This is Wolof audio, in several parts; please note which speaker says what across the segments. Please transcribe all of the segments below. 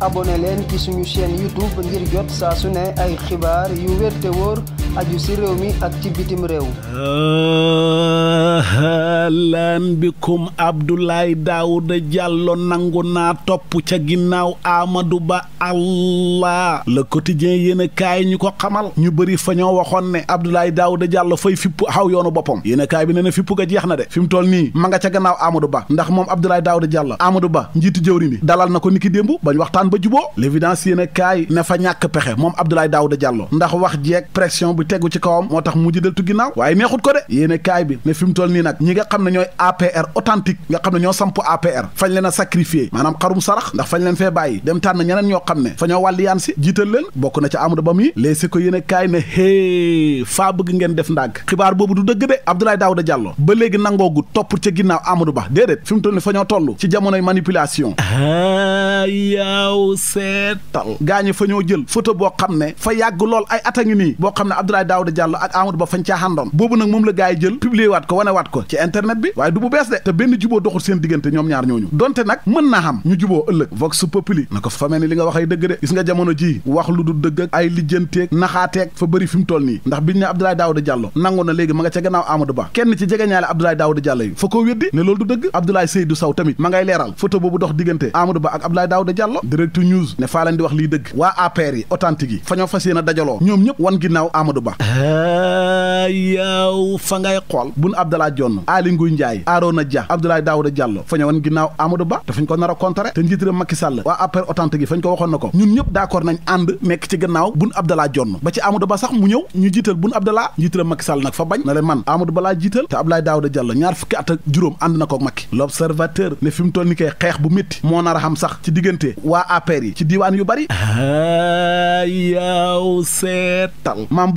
Speaker 1: abonné leen ci suñu chaîne YouTube ngir jot saa su ne ay xibaar yu wér te wóor aju si réew mi ak ci bitim réew. lan bikum Abdoulaye Daouda Diallo nangu naa topp ca ginnaaw Amadou Ba allah le quotidien yéen a kaay ñu ko xamal ñu bëri fa ñoo waxoon ne Abdoulaye Daouda Diallo fay fippu xaw yoonu boppam yéen a kaay bi ne na fippu ga jeex na de fi mu toll nii ma nga ca gannaaw Amadou Ba ndax moom Abdoulaye Daouda Diallo Amadou Ba njiitu jëwriñ bi dalal na ko niki démb bañ waxtaan ba juboo l'évidence yéen a kaay ne fa ñàkk pexe moom Abdoulaye Daouda Diallo ndax wax jeeg pression bu tegu ci kawam moo tax mu ji deltu ginnaaw waaye neexut ko de yéene kaay bi ne fi nii nag ñi nga xam ne ñooy APR authentique nga xam ne ñoo samp APR fañ leen a sacrifier maanaam xarum sarax ndax fañ leen fee bàyyi dem tànn ñeneen ñoo xam ne fa ñoo wàlli yaan si jiital leen bokk na ca Amadou Ba mi léeg si ko yéene kaay ne hee faa bëgg ngeen def ndàgg xibaar boobu du dëgg de Abdoulaye Daouda Diallo ba léegi nangoogu topp ca ginnaaw Amadou Ba déedéet fi mu toll nii fa ñoo toll ci jamonoy manipulation yaaw seetal gaañu fa ñoo jël photo boo xam ne fa yàgg lool ay a Abdoulaye Daouda Diallo ak Amadou Ba fañ caa xàndoon boobu nag moom la gaa jël publier waat ko wane waat ko ci internet bi waaye du bu bees de te benn juboo doxul seen diggante ñoom ñaar ñooñu donte nag mën naa xam ñu juboo ëllëg vox populi na ko fa ni li nga wax ay dëgg de gis nga jamono ji wax lu du dëgg ay lijjanteeg naxaateeg fa bëri fi toll nii ndax biñ ne Abdoulaye Daouda Diallo nangu na léegi ma nga ca gannaaw Amadou Ba kenn ci jegeñaale Abdoulaye a Amadou Ba yaaw fa ngay xool bun Abdallah Dionne Aly Ngouille Ndiaye Arona Dia Abdoulaye Daouda Diallo fa ñëwoon ginnaaw Amadou Ba te fañ ko nar a contrer te njiit réew Macky Sall waa APR authentique gi fañ ko waxoon na ko ñun ñëpp d'accord nañ ànd nekk ci gannaaw bun Abdallah Dionne ba ci Amadou Ba sax mu ñëw ñu jiital bun Abdallah njiit réew Macky Sall nag fa bañ na man Amadou Ba laa jiital te Abdoulaye Daouda Diallo ñaar fukki at ak juróom ànd na ko Macky l'observateur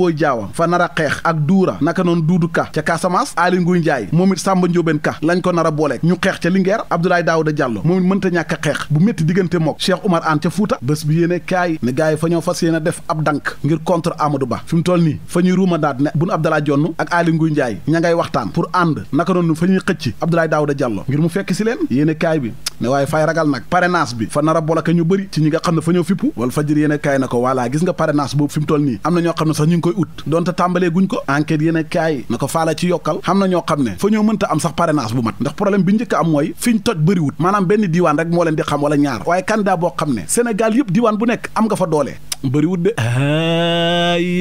Speaker 1: a mooy jaawa fa nar a xeex ak duura naka noonu duudu ka ca Casamance Aly Ngouille Ndiaye moom it Samba Ka lañ ko nar a ñu xeex ca Linguère Abdoulaye Daouda Diallo moom mënta ñàkk a xeex bu métti diggante mook Cheikh Oumar Anne ca Fouta bés bi yéene kaay ne gars fa ñoo fas yéene def ab dank ngir contre Amadou Ba fi mu nii fa ñuy ruuma daat ne Boun Abdallah Dionne ak Aly Ngouille Ndiaye ña waxtaan pour ànd naka noonu fa ñuy xëcc Abdoulaye Daouda Diallo a août donte tàmbalee guñ ko enquête yéen a na ko faala ci yokkal xam na ñoo xam ne foo ñoo mënta am sax parrainage bu mat ndax problème bi njëkk am mooy fi ñu toj bëriwut maanaam benn diiwaan rek moo leen di xam wala ñaar waaye candidat boo xam ne Sénégal yëpp diiwaan bu nekk am nga fa doole bëriwut de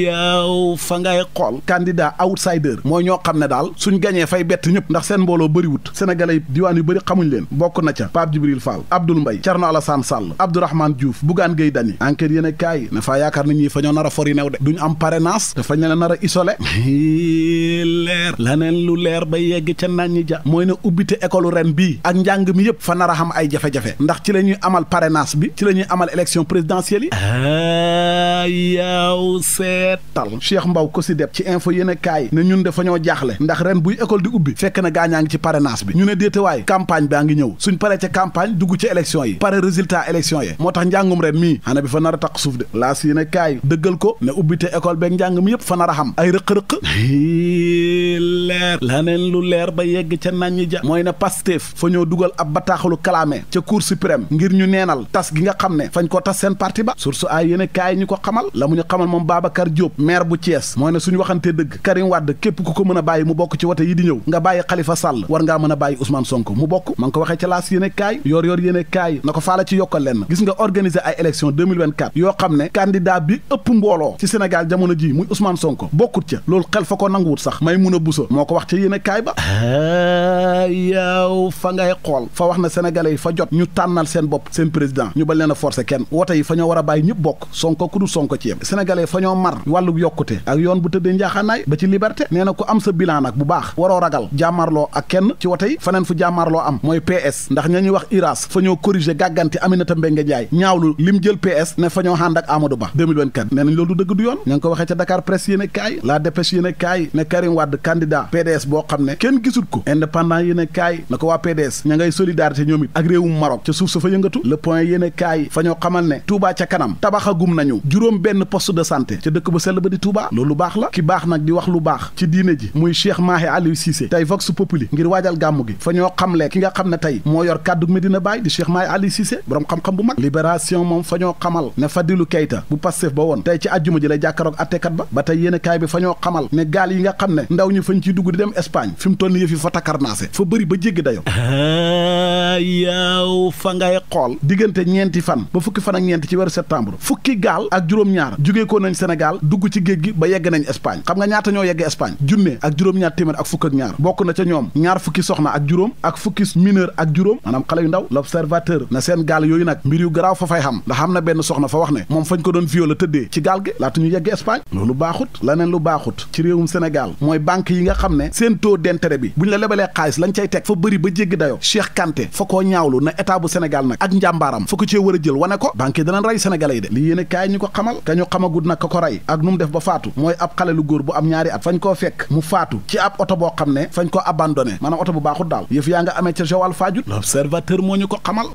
Speaker 1: yaaw fa ngay xool candidat outsider mooy ñoo xam ne daal suñ gañee fay bett ñëpp ndax seen mbooloo bëriwut sénégalais yi diwaan yu bëri xamuñ leen bokk na ca Pape Djibril Fall Abdoul Mbaye Thierno Alassane Sall Abdourahmane Diouf Bougane Gueye Dany enquête yéen a kaay ne faa yaakaar na ñii fa ñoo nar a fori new de duñ am parrainage te fañ leen nar a isolé leer laneen lu leer ba yegg ca naan ñi ja mooy ne ubbite école ren bii ak njàng mi yëpp fa nar a xam ay jafe ndax ci la ñuy amal parrainage bi ci la ñuy amal élection présidentielle yaaw seetal Cheikh Mbaw ko si deb ci info yéen ne ñun dafa ñoo jaaxle ndax ren buy école di ubbi fekk na gaañaa ngi ci parrainage bi ñu ne déetewaay campagne baa ngi ñëw suñ paree ca campagne dugg ci élection yi pare résultat élection yi moo tax njàngum ren mii xana bi fa nar a taq suuf de laas yéen a dëggal ko ne ubbite école beeg njàng mi yëpp fa nar a xam ay rëq-rëq leer laneen lu leer ba yegg ca naññ ja mooy ne Pastef fa ñoo dugal ab bataaxalu kalaame ca Cour suprême ngir ñu neenal tas gi nga xam ne fañ ko tas seen parti ba source ay yéen kaay ñu ko xamal la mu ñu xamal moom Babacar Diop maire bu Thiès mooy ne suñu waxante dëgg Karim Wade képp ku ko mën a bàyyi mu bokk ci wote yi di ñëw nga bàyyi Khalifa Sall war ngaa mën a bàyyi Ousmane Sonko mu bokk ma ko waxee ca laas yéen kaay yor yor yéen kaay na ko faala ci ne candidat bi ëpp mbooloo ci Sénégal jamono ji muy Ousmane Sonko bokkut ca loolu xel fa a ko wax ca yéen kaay ba yow fa ngay xool fa wax na sénégalais yi fa jot ñu tànnal seen bopp seen président ñu bañ leen a forcer kenn wote yi fa ñoo war a bàyyi ñëpp bokk sonko ku dul sonko ci yem sénégalais fa ñoo mar wàllu yokkute ak yoon bu tëddee njaaxaanaay ba ci liberté nee na ku am sa bilan nag bu baax waroo ragal jàmmarloo ak kenn ci wote yi faneen fu jàmmarloo am mooy PS ndax ña ñuy wax IRAS fa ñoo corriger gàgganti Aminata Mbengue Ndiaye ñaawlu lim jël PS ne fa ñoo ànd ak Amadou Ba 2024 nee nañ PDS boo xam ne kenn gisul ko indépendant yéen a kaay na ko waa PDS ña ngay solidarité ñoom it ak réewum Maroc ca suuf sa fa yëngatu le point a kaay fa ñoo xamal ne Touba ca kanam tabaxagum nañu juróom benn post de santé ca dëkk bu sell ba di Touba loolu baax la ki baax nag di wax lu baax ci diine ji muy Cheikh Mahi Aliou Cissé tey Vox Populi ngir waajal gàmmu gi fa ñoo xamle ki nga xam ne tey moo yor kàddu Medina Baye di Cheikh Mahi Aliou Cissé borom xam bu mag libération moom fa ñoo xamal ne Fadilou Keita bu Pastef ba woon tey ci àjjuma ji lay jàkkaroog attekat ba ba tey yéen a bi fa ñoo xamal ne gaal yi nga xam ne ndaw ñu fañ ciy dugg bu di dem Espagne fi mu toll nii yëf yi fa takkarnaase fa bëri ba jéggi dayo yaaw fa ngay xool diggante ñeenti fan ba fukki fan ak ñeenti ci weeru septembre fukki gaal ak juróom-ñaar jugee ko nañ Sénégal dugg ci géej gi ba yegg nañ Espagne xam nga ñaata ñoo yegg Espagne junne ak juróom-ñaar téeméer ak fukk ak ñaar bokk na ca ñoom ñaar fukki soxna ak juróom ak fukki mineur ak juróom maanaam xale yu ndaw l'observateur na seen gaal yooyu nag mbir yu garaaw fa fay xam ndax xam na benn soxna fa wax ne moom fañ ko doon violé tëddee ci gaal gi laata ñu yegg Espagne loolu baaxut laneen lu baaxut ci réewum Sénégal ne seen taux d'intérêt bi bu ñu la lebalee xaalis lañ cay teg fa bëri ba jéggi dayo Cheikh Kanté fa koo ñaawlu na état bu Sénégal nag ak njàmbaaram fa ko cee war a jël wane ko banque yi danañ rey sénégalais yi de lii yéen kaay ñu ko xamal ka ñu xamagud nag ka ko rey ak nu def ba faatu mooy ab xale lu góor bu am ñaari at fañ koo fekk mu faatu ci ab oto boo xam ne fañ koo abandonné maanaam oto bu baaxul daal yëf yaa nga amee ca Joal Fadiouth l'observateur moo ñu ko xamal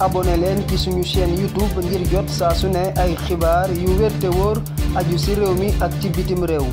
Speaker 1: abonné leen ci suñu chaîne youtube ngir jot saa su ne ay xibaar yu wér te wóor aju ci mi ak ci bitim réew